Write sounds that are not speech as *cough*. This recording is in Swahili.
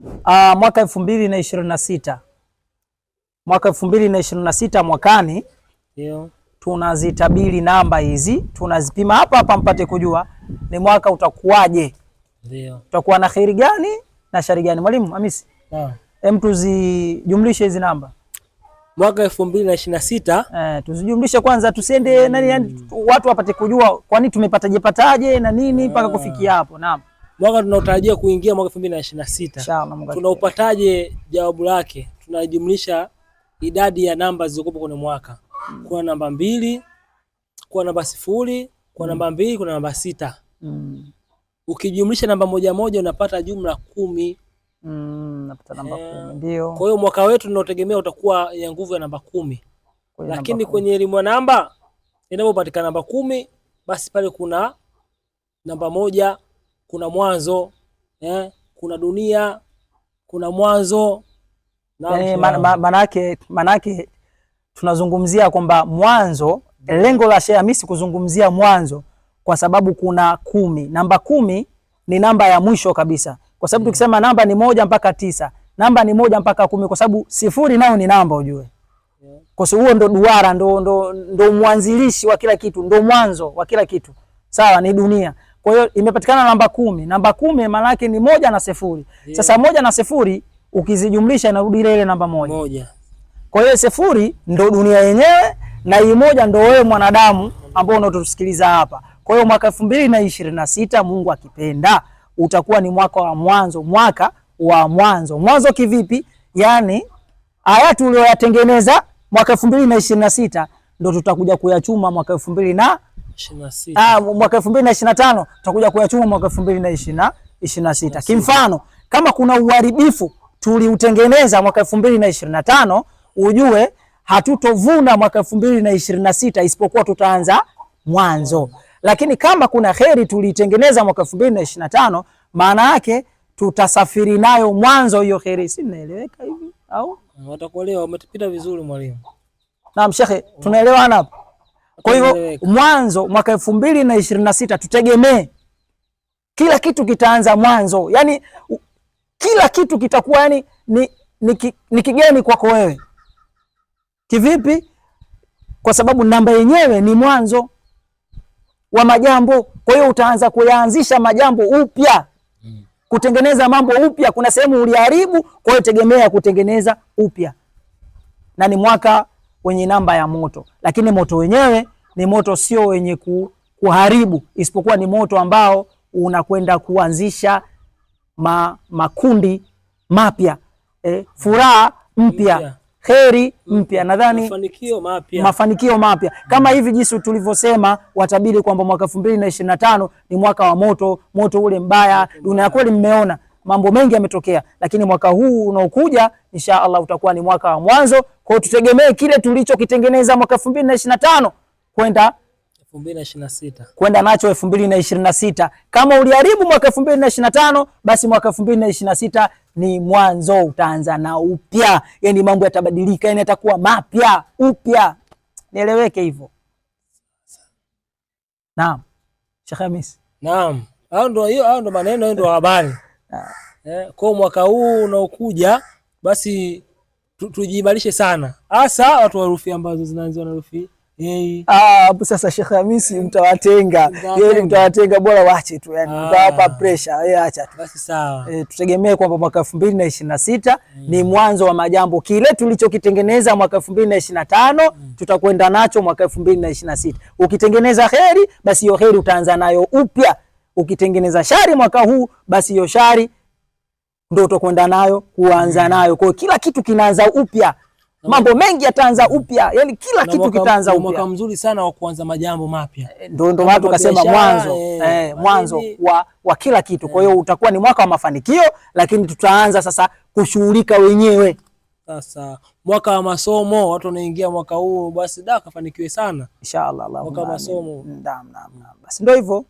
uh, mwaka elfu mbili na ishirini na sita mwaka elfu mbili na ishirini na sita mwakani yeah. Tunazitabiri namba hizi tunazipima hapa hapa mpate kujua ni mwaka utakuwaje, yeah. Utakuwa na kheri gani na shari gani? Mwalimu Hamisi, yeah. Hem, tuzijumlishe hizi namba mwaka elfu mbili na ishirini na sita eh, tuzijumlishe kwanza, tusiende mm. nani, watu wapate kujua kwani tumepataje pataje na nini mpaka yeah. kufikia hapo. Naam mwaka tunaotarajia kuingia mwaka 2026 tunaupataje? Jawabu lake tunajumlisha idadi ya namba zilizokuwa kwenye mwaka, mm. kuna namba mbili, kuna namba sifuri, kuna mm. namba mbili, kuna namba sita. Mm. Ukijumlisha namba moja moja unapata jumla kumi. Mm, napata namba eh, kumi. Ndio. Kwa hiyo mwaka wetu tunaotegemea utakuwa ya nguvu ya namba kumi, lakini namba kwenye elimu ya namba inapopatikana namba kumi, basi pale kuna namba moja kuna mwanzo eh, kuna dunia, kuna mwanzo. Yani, eh, manake manake tunazungumzia kwamba mwanzo, lengo la Sheikh Hamisi kuzungumzia mwanzo kwa sababu kuna kumi. Namba kumi ni namba ya mwisho kabisa, kwa sababu hmm, tukisema namba ni moja mpaka tisa, namba ni moja mpaka kumi, kwa sababu sifuri nayo ni namba ujue kwa sababu huo ndo duara ndo, ndo, ndo mwanzilishi wa kila kitu, ndo mwanzo wa kila kitu. Sawa, ni dunia. Kwa hiyo imepatikana namba kumi. Namba kumi maana yake ni moja na sifuri. Yeah. Sasa moja na sifuri ukizijumlisha inarudi ile ile namba moja. Moja. Kwa hiyo sifuri ndo dunia yenyewe na hii moja ndo wewe mwanadamu ambao unatusikiliza hapa. Kwa hiyo mwaka elfu mbili na ishirini na sita Mungu akipenda utakuwa ni mwaka wa mwanzo, mwaka wa mwanzo. Mwanzo kivipi? Yaani haya tuliyoyatengeneza mwaka elfu mbili na ishirini na sita ndo tutakuja kuyachuma mwaka elfu mbili na ah, mwaka elfu mbili na ishirini na tano tutakuja kuyachuma mwaka elfu mbili na ishirini na sita Kimfano, kama kuna uharibifu tuliutengeneza mwaka elfu mbili na ishirini na tano ujue hatutovuna mwaka elfu mbili na ishirini na sita isipokuwa tutaanza mwanzo. Lakini kama kuna heri tuliitengeneza mwaka elfu mbili na ishirini na tano maana yake tutasafiri nayo mwanzo hiyo heri. Si mnaeleweka hivi au? Watakuelewa, umetupita vizuri mwalimu. Naam shekhe, tunaelewana hapa. Kwa hiyo mwanzo mwaka elfu mbili na ishirini na sita tutegemee kila kitu kitaanza mwanzo, yani kila kitu kitakuwa yani ni, ni, ni kigeni kwako wewe. Kivipi? Kwa sababu namba yenyewe ni mwanzo wa majambo. Kwa hiyo utaanza kuyaanzisha majambo upya, mm. kutengeneza mambo upya. Kuna sehemu uliharibu, kwa hiyo tegemea kutengeneza upya, na ni mwaka wenye namba ya moto, lakini moto wenyewe ni moto sio wenye kuharibu, isipokuwa ni moto ambao unakwenda kuanzisha ma, makundi mapya e, furaha mpya, heri mpya, nadhani mafanikio mapya, mafanikio mapya kama mm. hivi jinsi tulivyosema watabiri kwamba mwaka elfu mbili na ishirini na tano ni mwaka wa moto, moto ule mbaya. Dunia kweli mmeona mambo mengi yametokea, lakini mwaka huu unaokuja insha Allah utakuwa ni mwaka wa mwanzo kwa hiyo tutegemee kile tulichokitengeneza mwaka 2025 kwenda 2026. Kwenda nacho 2026. Kama uliharibu mwaka 2025, basi mwaka 2026 ni mwanzo, utaanza na upya. Yaani mambo yatabadilika, yaani yatakuwa mapya, upya. Nieleweke hivyo. Naam. Sheikh Hamis. Naam. Hao ndo hiyo, hao ndo maneno, hayo ndo habari. *laughs* Ah. Eh, kwa mwaka huu unaokuja basi tujiibarishe sana, hasa watu wa herufi ambazo zinaanziwa na herufi ah, Hapo sasa Sheikh Hamisi eh. mtawatenga, yeye mtawatenga, bora wache tu yani, ah. mtawapa pressure yeye, acha tu basi, sawa. E, tutegemee kwamba mwaka 2026 mm. ni mwanzo wa majambo, kile tulichokitengeneza mwaka 2025 mm. tutakwenda nacho mwaka 2026. Ukitengeneza heri, basi hiyo heri utaanza nayo upya. Ukitengeneza shari mwaka huu, basi hiyo shari ndio utakwenda nayo kuanza hmm. nayo. Kwa hiyo kila kitu kinaanza upya, mambo mengi yataanza upya, yani kila kitu kitaanza upya. Mwaka mzuri sana wa kuanza majambo mapya, eh, ndio ndio watu kasema mwanzo eh, eh mwanzo wa, wa kila kitu. Kwa hiyo eh. utakuwa ni mwaka wa mafanikio, lakini tutaanza sasa kushughulika wenyewe. Sasa mwaka wa masomo, watu wanaingia mwaka huu, basi da kafanikiwe sana inshallah, mwaka wa masomo. Naam, naam, naam, basi ndio hivyo.